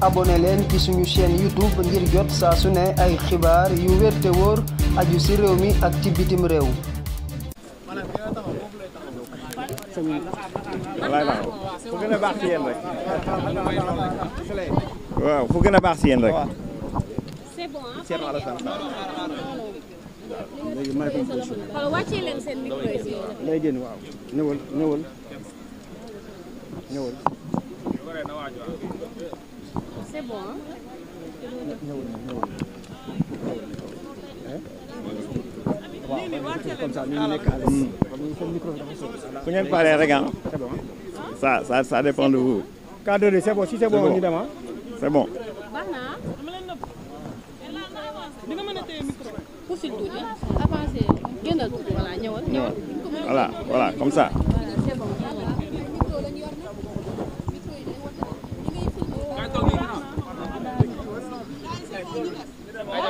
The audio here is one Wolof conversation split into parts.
abonné leen ci suñu chaîne YouTube jot saa su ne ay xibaar yu wér te wóor aju ci ci bitim réew. fu gën a baax ci yéen rek. C'est bon. Vous n'avez pas les regards. Ah. C'est bon. Ça, de vous. bon. Si c'est bon, on bon. Voilà, voilà, comme ça.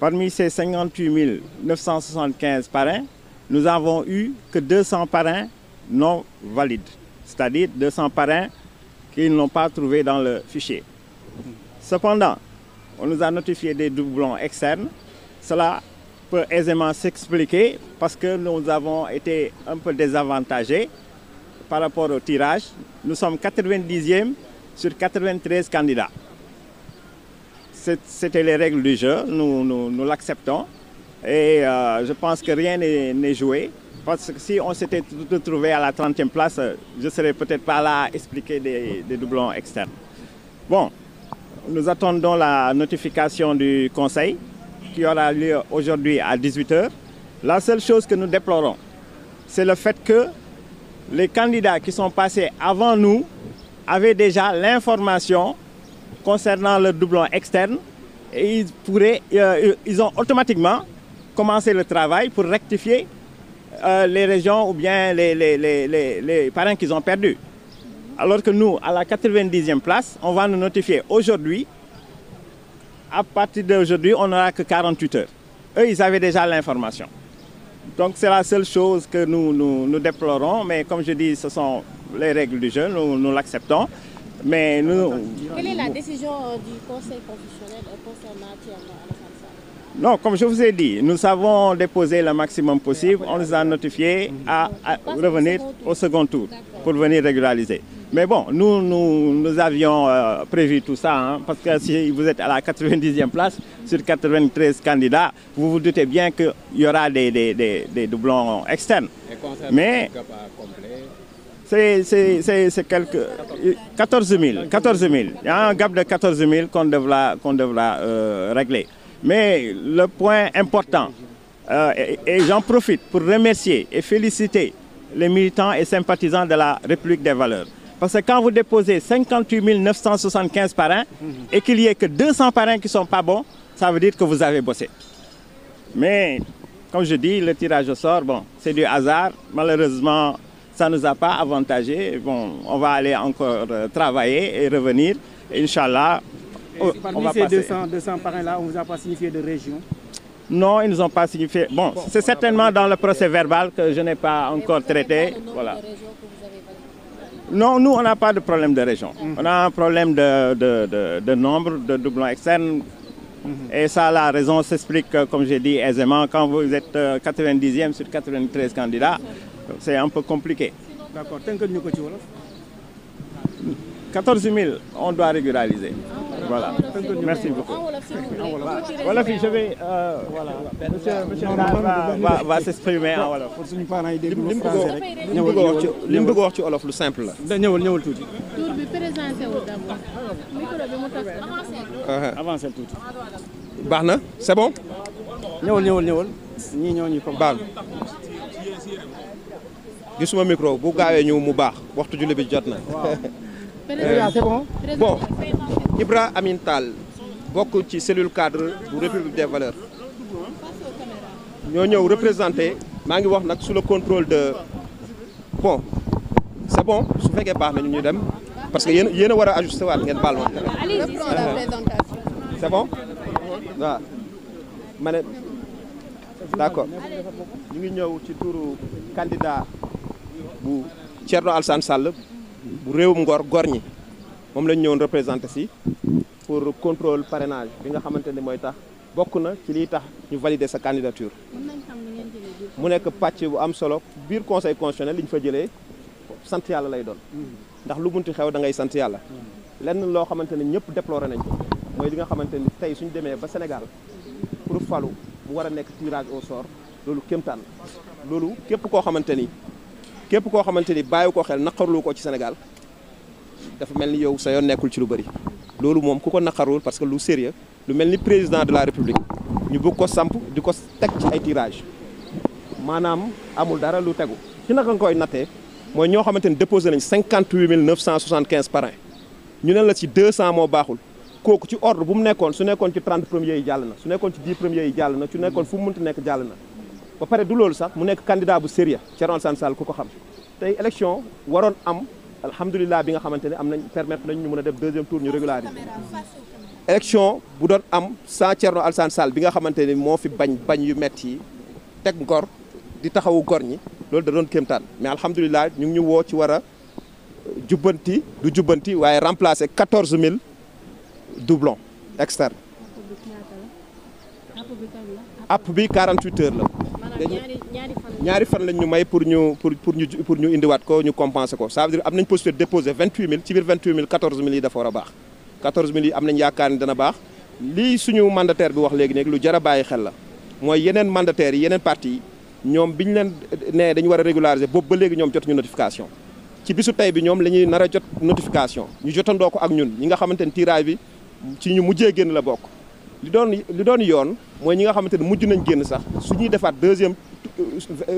Parmi ces 58 975 parrains, nous avons eu que 200 parrains non valides, c'est-à-dire 200 parrains qu'ils n'ont pas trouvés dans le fichier. Cependant, on nous a notifié des doublons externes. Cela peut aisément s'expliquer parce que nous avons été un peu désavantagés par rapport au tirage. Nous sommes 90e sur 93 candidats. c'était les règles du jeu, nous, nous, nous l'acceptons. Et euh, je pense que rien n'est Parce que si on s'était la 30e place, je ne pas là à des, des, doublons externes. Bon, nous attendons la notification du Conseil qui aura lieu à 18h. La seule chose que nous déplorons, c'est le fait que les candidats qui sont passés avant nous avaient déjà l'information concernant le doublon externe, ils, pourraient, euh, automatiquement commencé le travail pour rectifier euh, les régions ou bien les, les, les, les parrains qu'ils Alors que nous, à la 90e place, on va nous notifier aujourd'hui, à partir d'aujourd'hui, on n'aura que 48 heures. Eux, ils avaient déjà l'information. Donc c'est la seule que nous, nous, nous, déplorons, mais comme je dis, ce sont les règles du jeu, nous, mais nous. quelle euh, euh, comme je vous ai dit nous avons déposé le maximum possible on nous a notifié à, venir régulariser. mais bon nous nous nous avions euh, prévu tout ça la 90e place sur 93 candidats vous vous doutez des des des c'est c'est c'est c'est quelque 14 000 14 000 il y a un gap de 14 000 qu'on devra euh, mais le point important euh, et, et j'en profite pour remercier et féliciter les militants et sympathisants de la République des valeurs parce que quand vous déposez 58 975 parrains et qu'il y ait que 200 parrains qui sont pas bons ça veut dire mais comme je dis le tirage au sort bon c'est du hasard ça ne nous a pas avantagé. Bon, on va aller encore euh, travailler et revenir. Inch'Allah, on parmi va ces passer... 200, 200 parrains-là, on ne vous a pas signifié de région Non, ils ne nous ont pas signifié. Bon, bon c'est certainement dans le procès verbal que je n'ai pas encore traité. Pas voilà. Non, nous, on n'a pas de problème de région. Mmh. On a un problème de, de, de, de nombre de doublons externes Et ça, la raison s'explique, euh, comme j'ai dit aisément, quand vous êtes 90e euh, sur 93 candidats, c'est un peu compliqué. D'accord. 14 000, on doit régulariser. Ah. Voilà. Merci beaucoup. Voilà, je vais. Euh, voilà. Monsieur, monsieur va, va, va s'exprimer en li mu bëgg a wax ci olof lu simple la. da ñëwal ñëwal tuuti. tur bi présenté wu d'abord. micro uh-huh. baax na c'est bon. ñëwal ñëwal ñëwal. micro bu gaawee ñëw mu baax waxtu julli bi jot na. Eh, c'est bon bon Ibra Amin bokk ci cellule cadre bu République des valeurs ñoo ñëw représenté maa ngi wax nag sous le contrôle de bon c'est bon su fekkee baax na ñu ñuy dem parce que yéen yéen a war a ajusté waat ngeen baal ma. c'est bon waaw ma ne d'accord ñu ngi ñëw ci turu candidat bu Thierno Alassane Sall. bu réewum ngor gor ñi moom lañ ñëwoon représenté si pour contrôle parrainage bi nga xamante ni mooy tax bokk na ci liy tax ñu valider sa candidature mu nekk pàcc bu am solo biir conseil constitutionnel li ñu fa jëlee sant yàlla lay doon ndax lu munti xew da ngay sant yàlla lenn loo xamante ne ñëpp déploré nañ ko mooy li nga xamante ni tey suñ demee ba Sénégal pour falu mu war a nekk tirage au sort loolu kéemtaan képp koo xamante ni képp koo xamante ni bàyyi ko xel naqarlu ko ci Sénégal dafa mel ni yow sa yoon nekkul ci lu bëri loolu moom ku ko naqarul parce que lu sérieux lu mel ni président de la république ñu bëgg ko samp di ko teg ci ay tirage maanaam amul dara lu tegu ci naka nga koy nattee mooy ñoo xamante ni déposé nañ cinquante ñu ne la ci moo baaxul kooku ci ordre bu mu nekkoon su nekkoon ci trente premiers yi jàll na su nekkoon ci dix fu mu mënti nekk jàll na ba pare du loolu sax mu nekk candidat bu sérieux Thierno Alassane Sall ku ko xam tey élection waroon am alhamdulilah bi nga xamante ne am nañ permettre nañ ñu mën a def deuxième tour ñu régulariser. élection bu doon am sans Thierno Alassane Sall bi nga xamante ne moo fi bañ bañ yu métti yi teg ngor di taxawu gor ñi loolu da doon kéemtaan mais alhamdulilah ñu ngi ñu woo ci wara euh, jubbanti du jubbanti waaye remplacer mille doublons externes. app bi 48 heures la. ñaari fan lañ ñu may pour ñu pour pour ñu pour ñu indiwaat ko ñu compenser ko ça veut dire am nañ possibilité déposer 28000 ci biir 28000 14000 yi dafa war a baax 14000 yi am nañ yaakaar ni dana baax lii suñu mandataire bi wax léegi nag lu jar a bàyyi xel la mooy yeneen mandataires yi yeneen parti ñoom bi ñu leen nee dañu war a régulariser boobu ba léegi ñoom jotuñu notification ci bisu tey bi ñoom la ñuy nar a jot notification ñu jotandoo ko ak ñun ñi nga xamante ni tirage bi ci ñu mujjee génn la bokk li doon li doon yoon mooy ñi nga xamante ne mujj nañ génn sax su ñuy defaat deuxième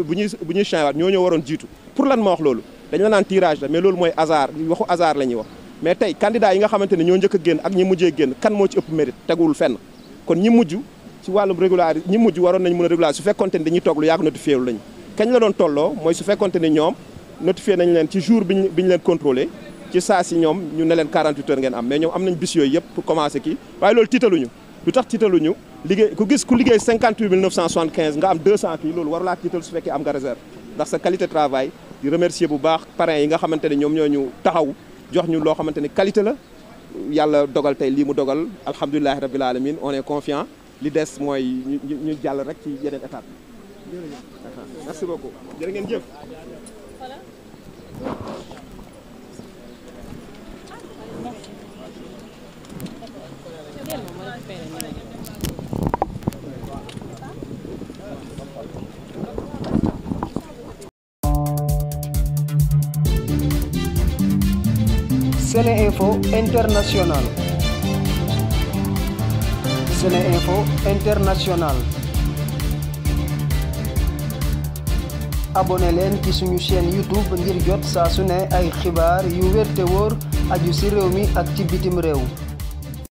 bu ñuy bu ñuy changewaat ñoo ñoo waroon jiitu pour lan ma wax loolu dañ la naan tirage la mais loolu mooy hasard waxu hasard la ñuy wax mais tey candidat yi nga xamante ne ñoo njëkk a génn ak ñi mujjee génn kan moo ci ëpp mérite teguwul fenn kon ñi mujj ci wàllum régular ñi mujj waroon nañ mën a régular su fekkonte ni dañuy toog lu yàgg notifié lu lañu su fekkonte ne ñoom notifié nañ leen ci jour biñ bi ñu leen contrôlé ci saa si ñu ne yooyu yëpp pour commencer kii waaye lu tax tiitaluñu liggéey ku gis ku liggéey 58 975 nga am 200 kii loolu waru laa tiital su fekkee am nga réserve ndax sa qualité travail di remercier bu baax parrains yi nga xamante ne ñoom ñoo ñu taxaw jox ñu loo xamante ne qualité la yàlla dogal tey lii mu dogal alhamdulilahi rabil alamin on est confiant li des mooy ñu jàll rek ci yeneen étape bi merci beaucoup ngeen jëf Seneinfo International International abonné leen ci suñu chaîne YouTube ngir jot saa su ne ay xibaar yu wér te wóor ci réew mi ak ci bitim réew